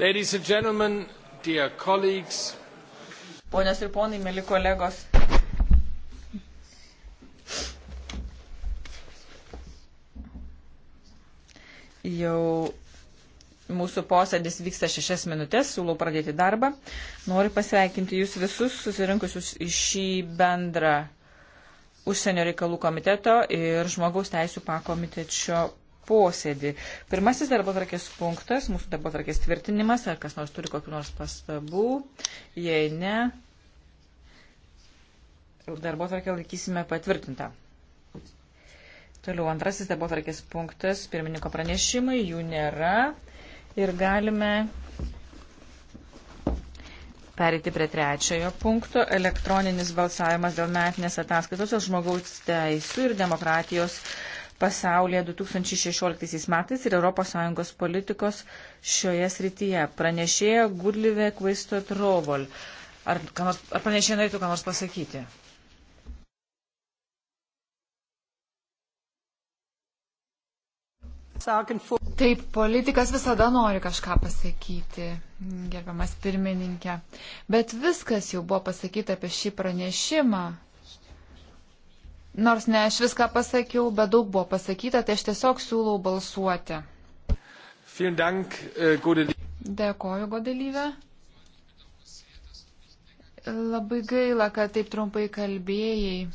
Ladies and gentlemen, dear colleagues. Ponios ir ponai, mėly kolegos. Jau mūsų posėdis vyksta šešias minutės, siūlau pradėti darbą. Noriu pasveikinti jūs visus susirinkusius į šį bendrą užsienio reikalų komiteto ir žmogaus teisų pakomitečio posėdį. Pirmasis darbo tvarkės punktas, mūsų darbo tvarkės tvirtinimas, ar kas nors turi kokiu nors pastabų, jei ne, darbo tvarkę laikysime patvirtintą. Toliau antrasis darbo tvarkės punktas, pirmininko pranešimai, jų nėra ir galime Pereiti prie trečiojo punkto - elektroninis balsavimas dėl metinės ataskaitos žmogaus teisų ir demokratijos pasaulyje 2016 metais ir ES politikos šioje srityje. Pranešėja Gudlive Kvaisto Trovol. Ar, nors, ar pranešėja norėtų ką nors pasakyti? Taip, politikas visada nori kažką pasakyti, gerbiamas pirmininkė. Bet viskas jau buvo pasakyta apie šį pranešimą. Nors ne aš viską pasakiau, bet daug buvo pasakyta, tai aš tiesiog siūlau balsuoti. Dank, äh, Dėkoju, godalyvė. Labai gaila, kad taip trumpai kalbėjai,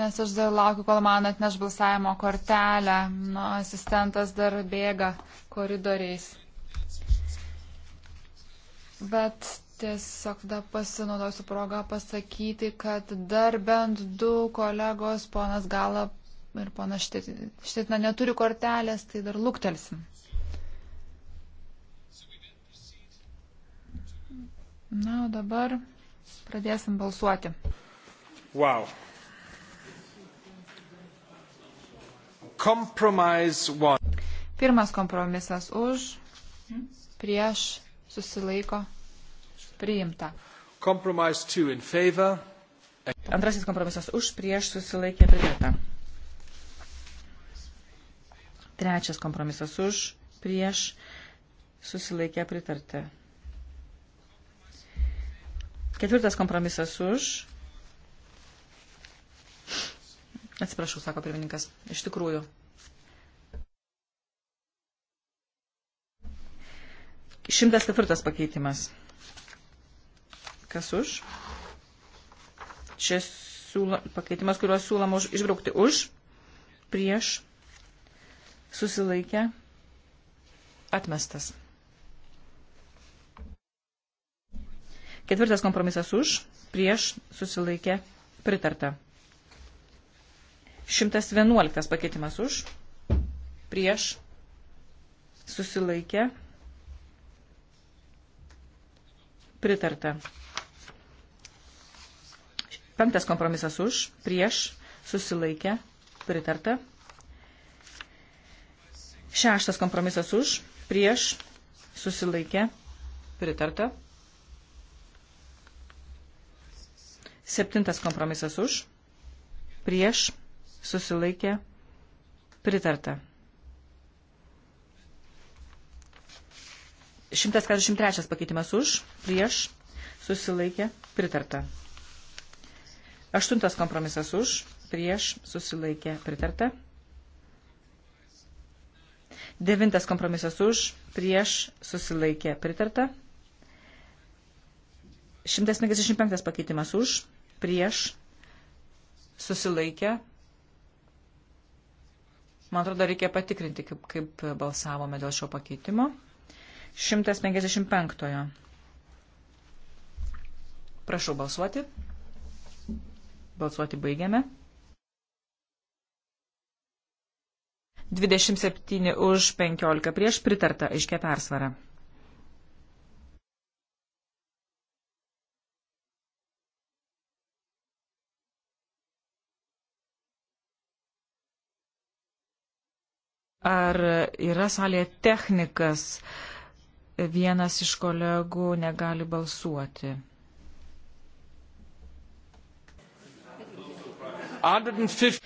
nes aš dar laukiu, kol man atneš balsavimo kortelę. Nu, asistentas dar bėga koridoriais. Bet Tiesiog tada pasinaudosiu progą pasakyti, kad dar bent du kolegos, ponas Gala ir ponas Štetina, neturi kortelės, tai dar luktelsim. Na, o dabar pradėsim balsuoti. Wow. Pirmas kompromisas už, prieš, susilaiko priimta. Antrasis kompromisas už, prieš susilaikė priimta. Trečias kompromisas už, prieš susilaikė pritarti. Ketvirtas kompromisas už. Atsiprašau, sako pirmininkas. Iš tikrųjų. Šimtas ketvirtas pakeitimas. Kas už? Čia siūla, pakeitimas, kuriuos siūloma už, išbraukti už, prieš, susilaikę, atmestas. Ketvirtas kompromisas už, prieš, susilaikę, pritarta. 111 pakeitimas už, prieš, susilaikę, pritarta. Penktas kompromisas už, prieš, susilaikę, pritarta. Šeštas kompromisas už, prieš, susilaikę, pritarta. Septintas kompromisas už, prieš, susilaikė, pritarta. 143 pakeitimas už, prieš, susilaikė, pritarta. Aštuntas kompromisas už, prieš, susilaikė, pritarta. Devintas kompromisas už, prieš, susilaikė, pritarta. 155 pakeitimas už, prieš, susilaikė. Man atrodo, reikia patikrinti, kaip, kaip balsavome dėl šio pakeitimo. 155. Prašau balsuoti. Balsuoti baigiame. 27 už 15 prieš pritarta aiškia persvara. Ar yra salėje technikas? Vienas iš kolegų negali balsuoti. 156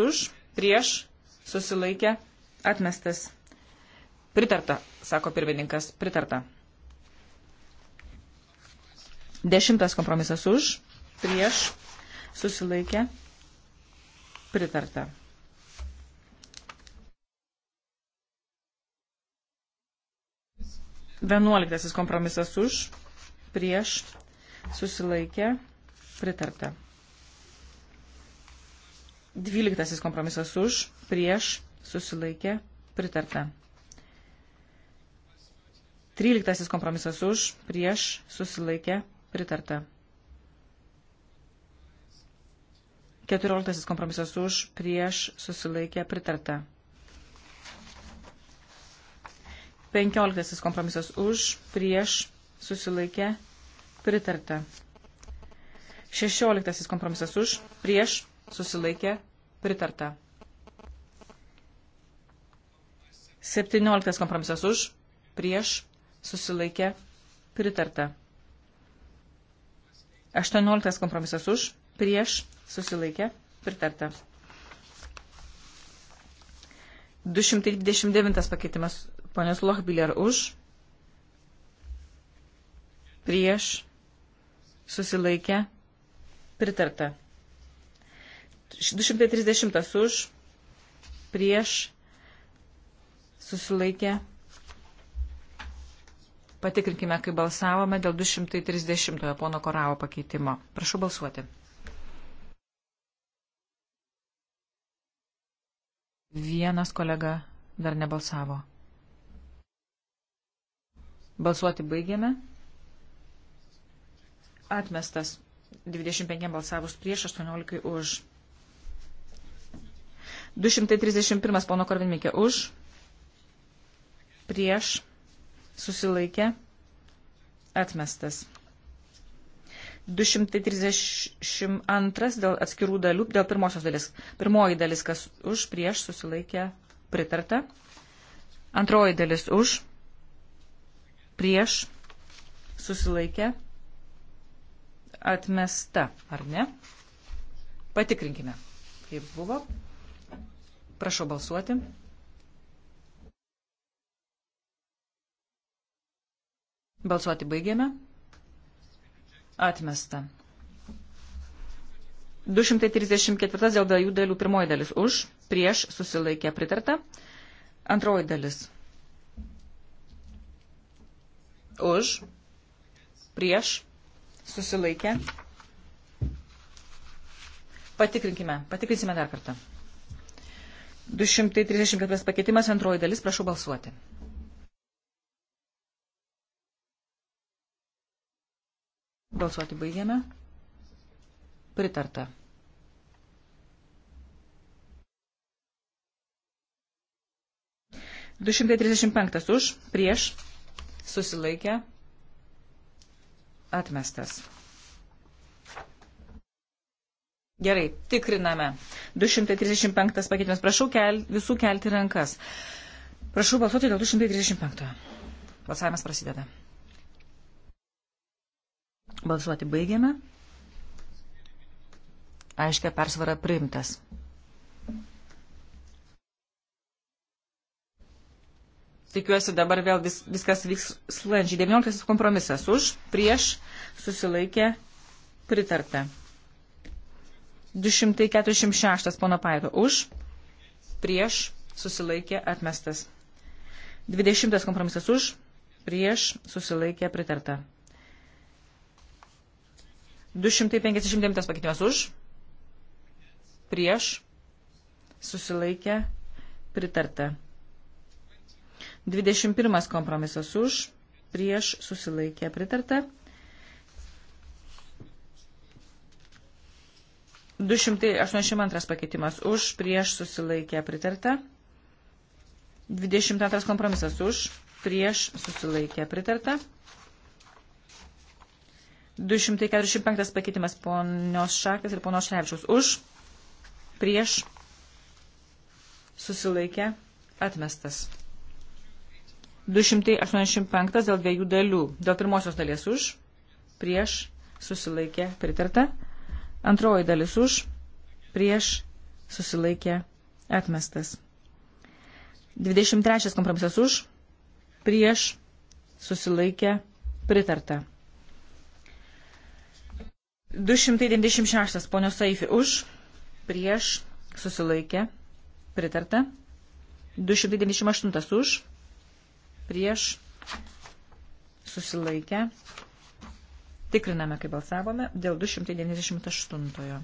už, prieš, susilaikė, atmestas. Pritarta, sako pirmininkas, pritarta. Dešimtas kompromisas už, prieš, susilaikė, pritarta. Vienuoliktasis kompromisas už, prieš, susilaikė, pritarta. Dvyliktasis kompromisas už, prieš, susilaikė, pritarta. Tryliktasis kompromisas už, prieš, susilaikė, pritarta. Keturioliktasis kompromisas už, prieš, susilaikė, pritarta. Penkioliktasis kompromisas už, prieš, susilaikė, pritarta. Šešioliktasis kompromisas už, prieš, susilaikė, pritarta. 17 kompromisas už, prieš, susilaikė, pritarta. 18 kompromisas už, prieš, susilaikė, pritarta. 229 pakeitimas ponios Lochbiller už, prieš, susilaikė, pritarta. 230 už, prieš, susilaikė. Patikrinkime, kai balsavome dėl 230 pono Koravo pakeitimo. Prašau balsuoti. Vienas kolega dar nebalsavo. Balsuoti baigėme. Atmestas 25 balsavus prieš, 18 už. 231 pono Korvinmikė už, prieš, susilaikė, atmestas. 232 dėl atskirų dalių, dėl pirmosios dalis. Pirmoji dalis, kas už, prieš, susilaikė, pritarta. Antroji dalis už, prieš, susilaikė, atmesta, ar ne? Patikrinkime, kaip buvo. Prašau balsuoti. Balsuoti baigėme. Atmesta. 234 dėl dviejų dalių pirmoji dalis už, prieš susilaikė pritarta. Antroji dalis už, prieš susilaikė. Patikrinkime, patikrinsime dar kartą. 234 pakeitimas antroji dalis, prašau balsuoti. Balsuoti baigiame. Pritarta. Du šimtai trisdešimt penktas už, prieš, susilaikę, atmestas. Gerai, tikriname. 235 pakeitimas. Prašau kel, visų kelti rankas. Prašau balsuoti dėl 235. Balsavimas prasideda. Balsuoti baigiame. Aiškia persvara priimtas. Tikiuosi dabar vėl vis, viskas vyks slandžiai. 19 kompromisas už, prieš, susilaikė, pritarta. 246 pono Paito už, prieš, susilaikė, atmestas. 20 kompromisas už, prieš, susilaikė, pritarta. 259 pakeitimas už, prieš, susilaikė, pritarta. 21 kompromisas už, prieš, susilaikė, pritarta. 282 pakeitimas už, prieš susilaikė pritarta. 22 kompromisas už, prieš susilaikė pritarta. 245 pakeitimas ponios Šakės ir ponios Šrevičiaus už, prieš susilaikė atmestas. 285 dėl dviejų dalių. Dėl pirmosios dalies už, prieš susilaikė pritarta. Antroji dalis už, prieš, susilaikė, atmestas. 23 kompromisas už, prieš, susilaikė, pritarta. 296 ponios Saifi už, prieš, susilaikė, pritarta. 298 už, prieš, susilaikė, pritarta Tikriname, kaip balsavome, dėl 298.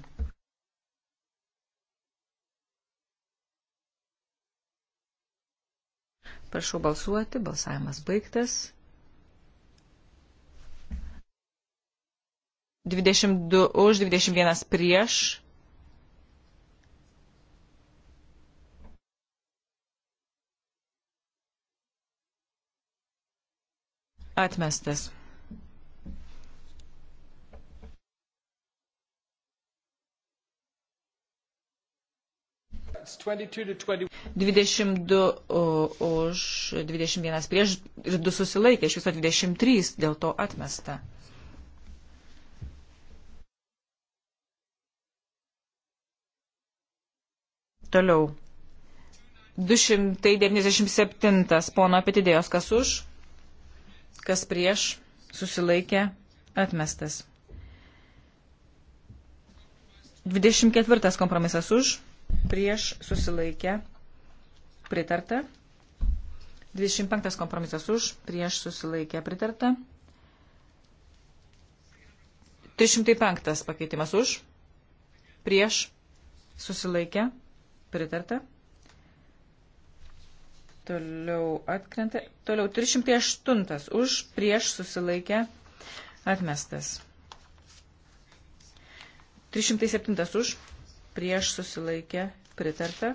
Prašau balsuoti, balsavimas baigtas. 22 už, 21 prieš. Atmestas. 22 už, 21 prieš ir 2 susilaikė, iš viso 23 dėl to atmesta. Toliau. 297 pono apetidėjos, kas už, kas prieš, susilaikė, atmestas. 24 kompromisas už prieš susilaikę pritarta. 25 kompromisas už, prieš susilaikę pritarta. 305 pakeitimas už, prieš susilaikę pritarta. Toliau atkrenta. Toliau 308 už, prieš susilaikę atmestas. 307 už, prieš susilaikė pritarta.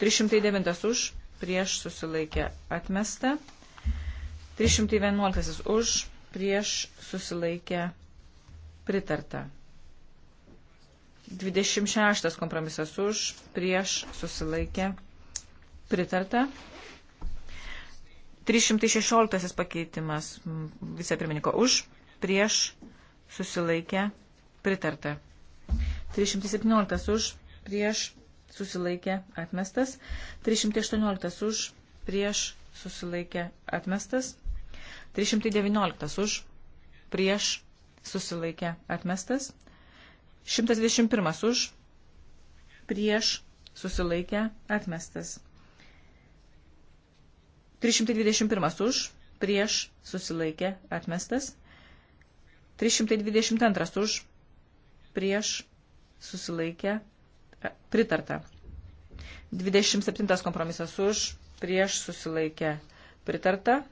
309 už, prieš susilaikė atmesta. 311 už, prieš susilaikė pritarta. 26 kompromisas už, prieš susilaikė pritarta. 316 pakeitimas vicepirmininko už, prieš susilaikė pritarta. 317 už, prieš susilaikė atmestas. 318 už, prieš susilaikė atmestas. 319 už, prieš susilaikė atmestas. 121 už, prieš susilaikė atmestas. 321 už, prieš susilaikė atmestas. 322 už, prieš susilaikė, e, pritarta. 27 kompromisas už, prieš susilaikė, pritarta.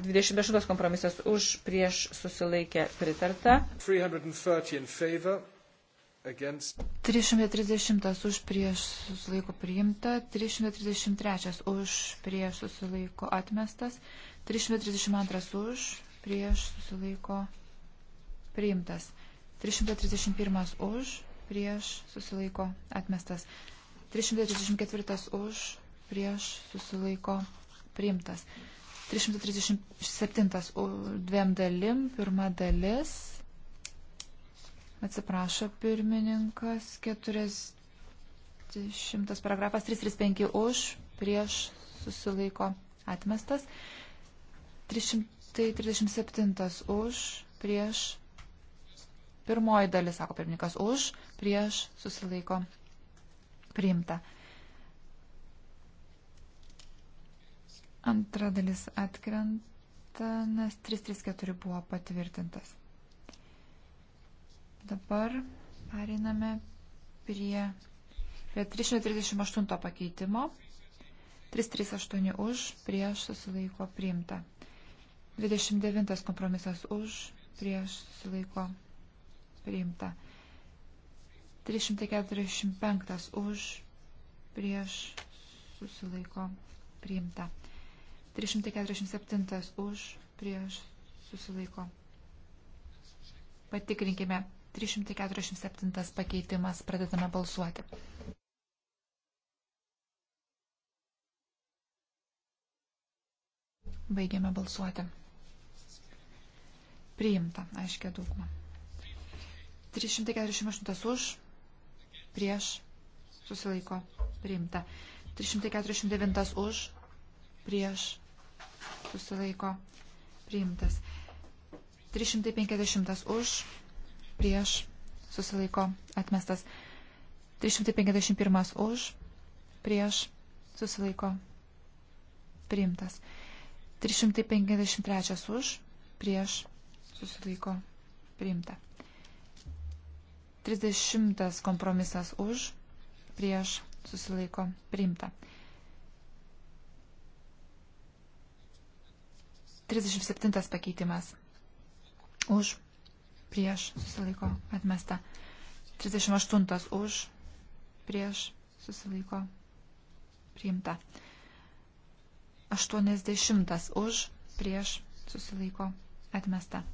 28 kompromisas už, prieš susilaikė, pritarta. 330 už, prieš susilaiko priimta. 333 už, prieš susilaiko atmestas. 332 už, prieš susilaiko priimtas. 331 už, prieš susilaiko atmestas. 334 už, prieš susilaiko priimtas. 337 dviem dalim, pirma dalis. Atsiprašo pirmininkas, 40 paragrafas 335 už, prieš susilaiko atmestas. 337 už, prieš Pirmoji dalis, sako pirmininkas, už, prieš, susilaiko, priimta. Antra dalis atkrenta, nes 334 buvo patvirtintas. Dabar periname prie, prie 338 pakeitimo. 338 už, prieš susilaiko priimta. 29 kompromisas už, prieš susilaiko priimta priimta. 345 už, prieš, susilaiko, priimta. 347 už, prieš, susilaiko. Patikrinkime. 347 pakeitimas. Pradedame balsuoti. Baigiame balsuoti. Priimta, aiškia dauguma. 348 už, prieš, susilaiko, priimta. 349 už, prieš, susilaiko, priimtas. 350 už, prieš, susilaiko, atmestas. 351 už, prieš, susilaiko, priimtas. 353 už, prieš, susilaiko, priimta. 30 kompromisas už, prieš susilaiko priimta. 37 pakeitimas už, prieš susilaiko atmesta. 38 už, prieš susilaiko priimta. 80 už, prieš susilaiko atmesta.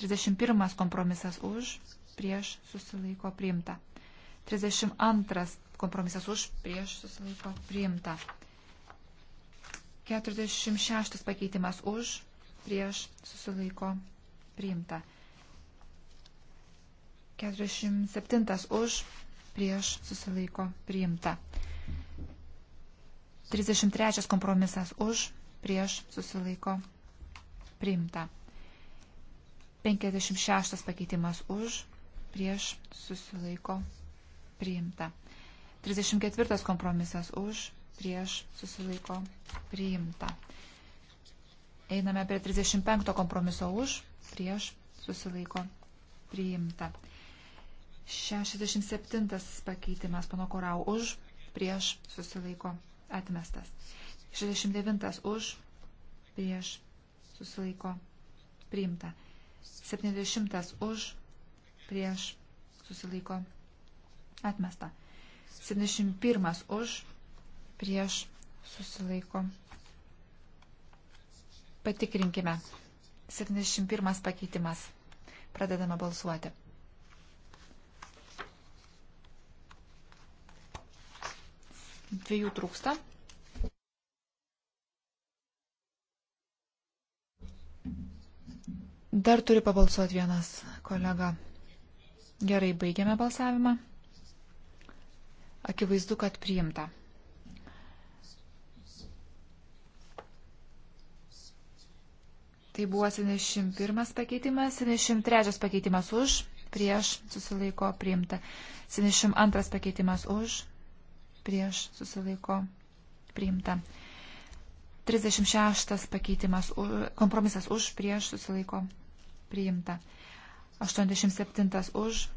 31 kompromisas už, prieš susilaiko priimta. 32 kompromisas už, prieš susilaiko priimta. 46 pakeitimas už, prieš susilaiko priimta. 47 už, prieš susilaiko priimta. 33 kompromisas už, prieš susilaiko priimta. 56 pakeitimas už, prieš susilaiko priimta. 34 kompromisas už, prieš susilaiko priimta. Einame prie 35 kompromiso už, prieš susilaiko priimta. 67 pakeitimas panokorau už, prieš susilaiko atmestas. 69 už, prieš susilaiko priimta. 70 už, prieš, susilaiko, atmesta. 71 už, prieš, susilaiko. Patikrinkime. 71 pakeitimas. Pradedame balsuoti. Dviejų trūksta. Dar turi pabalsuoti vienas kolega. Gerai, baigiame balsavimą. Akivaizdu, kad priimta. Tai buvo 71 pakeitimas, 73 pakeitimas už, prieš susilaiko priimta. 72 pakeitimas už, prieš susilaiko priimta. 36 pakeitimas, kompromisas už, prieš susilaiko priimta. 87 už,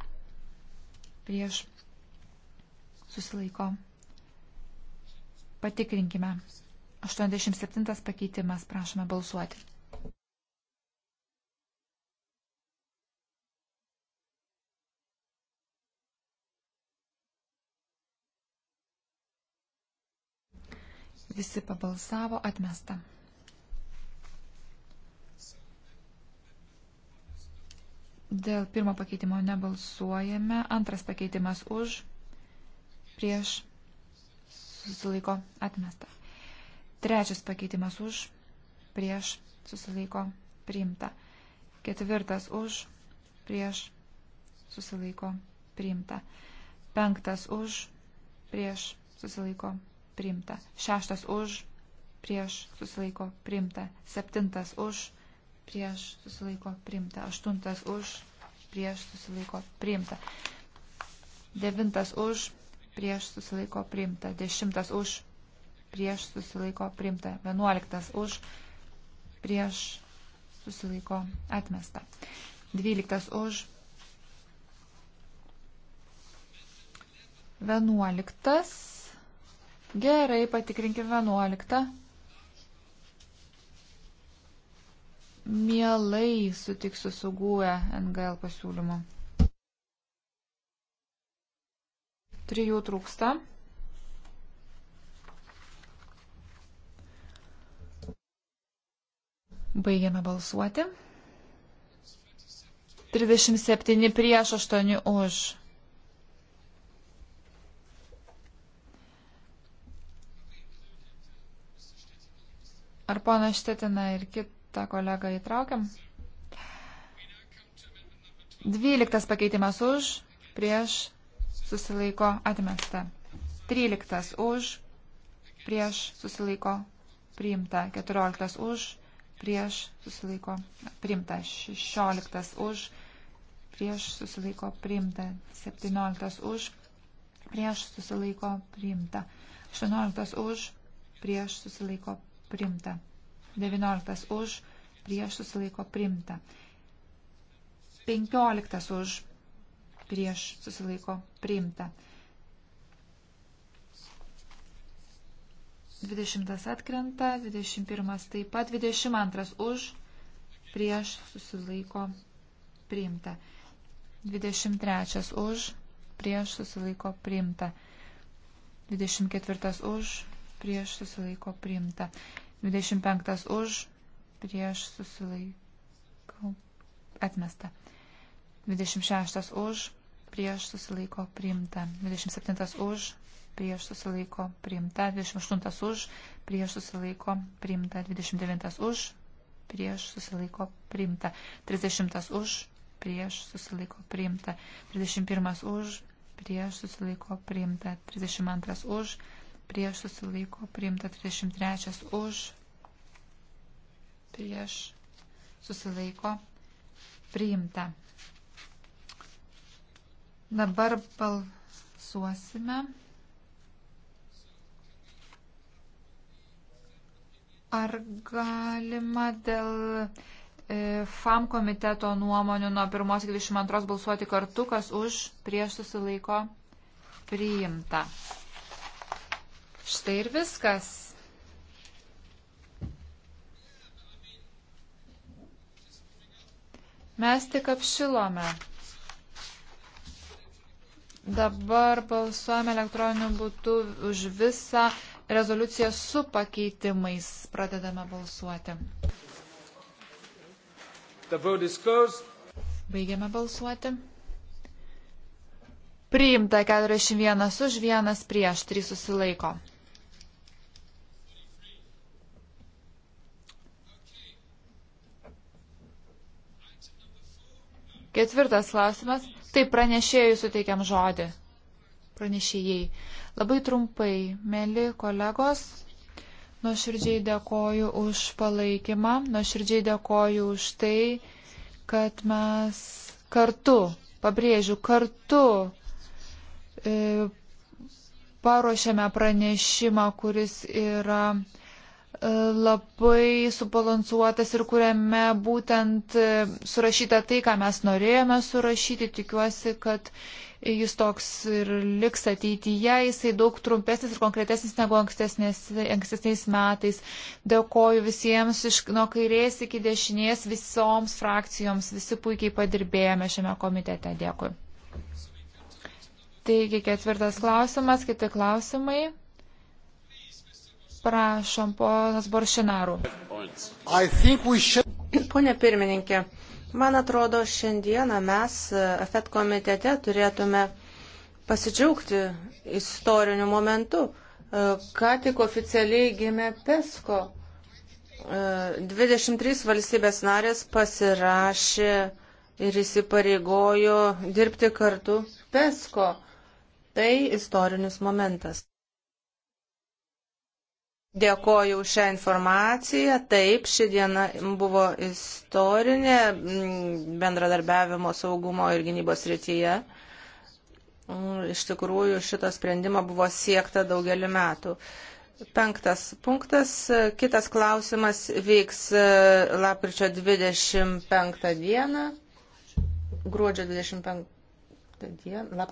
prieš, susilaiko. Patikrinkime. 87 pakeitimas, prašome balsuoti. Visi pabalsavo atmesta. Dėl pirmo pakeitimo nebalsuojame. Antras pakeitimas už, prieš, susilaiko, atmesta. Trečias pakeitimas už, prieš, susilaiko, priimta. Ketvirtas už, prieš, susilaiko, priimta. Penktas už, prieš, susilaiko, priimta. Šeštas už, prieš, susilaiko, priimta. Septintas už, prieš prieš susilaiko priimta. Aštuntas už, prieš susilaiko priimta. Devintas už, prieš susilaiko priimta. Dešimtas už, prieš susilaiko priimta. Vienuoliktas už, prieš susilaiko atmesta. Dvyliktas už. Vienuoliktas. Gerai, patikrinkim vienuoliktą. mielai sutiksiu su GUE NGL pasiūlymu. Trijų trūksta. Baigiame balsuoti. 37 prieš 8 už. Ar pana Štetina ir kit, tą kolegą įtraukiam. Dvyliktas pakeitimas už, prieš, susilaiko atmesta. Tryliktas už, prieš, susilaiko priimta. Keturioliktas už, prieš, susilaiko priimta. Šešioliktas už, prieš, susilaiko priimta. Septynioliktas už, prieš, susilaiko priimta. Aštuonioliktas už, prieš, susilaiko priimta. 19 už, prieš susilaiko primta. 15 už, prieš susilaiko primta. 20 atkrenta, 21 taip pat, 22 už, prieš susilaiko priimta. 23 už, prieš susilaiko priimta. 24 už, prieš susilaiko priimta. 25 už, prieš susilaiko atmesta. 26 už, prieš susilaiko priimta. 27 už, prieš susilaiko priimta. 28 už, prieš susilaiko priimta. 29 už, prieš susilaiko priimta. 30 už, prieš susilaiko priimta. 31 už, prieš susilaiko priimta. 32 už, prieš susilaiko priimta 33 už, prieš susilaiko priimta. Dabar balsuosime. Ar galima dėl e, FAM komiteto nuomonių nuo 1 iki 22 balsuoti kartu, kas už prieš susilaiko priimta. Štai ir viskas. Mes tik apšilome. Dabar balsuojame elektroniniu būtu už visą rezoliuciją su pakeitimais. Pradedame balsuoti. Baigiame balsuoti. Priimta 41 už, 1 prieš, 3 susilaiko. Ketvirtas klausimas. Taip, pranešėjai suteikiam žodį. Pranešėjai. Labai trumpai, mėly kolegos, nuoširdžiai dėkoju už palaikymą, nuoširdžiai dėkoju už tai, kad mes kartu, pabrėžiu, kartu e, paruošėme pranešimą, kuris yra labai subalansuotas ir kuriame būtent e, surašyta tai, ką mes norėjome surašyti. Tikiuosi, kad jis toks ir liks ateityje. Jisai daug trumpesnis ir konkretesnis negu ankstesniais metais. Dėkoju visiems iš nuo kairės iki dešinės visoms frakcijoms. Visi puikiai padirbėjome šiame komitete. Dėkui. Taigi ketvirtas klausimas, kiti klausimai. Prašom, ponas Boršinarų. Should... Pone pirmininkė, man atrodo, šiandieną mes e, FED komitete turėtume pasidžiaugti istoriniu momentu. E, ką tik oficialiai gimė PESCO. 23 e, valstybės narės pasirašė ir įsipareigojo dirbti kartu PESCO. Tai istorinis momentas. Dėkoju už šią informaciją. Taip, ši diena buvo istorinė mm, bendradarbiavimo saugumo ir gynybos rytyje. Mm, iš tikrųjų, šito sprendimo buvo siekta daugelį metų. Penktas punktas. Kitas klausimas vyks e, lapkričio 25 dieną. Gruodžio 25 dieną.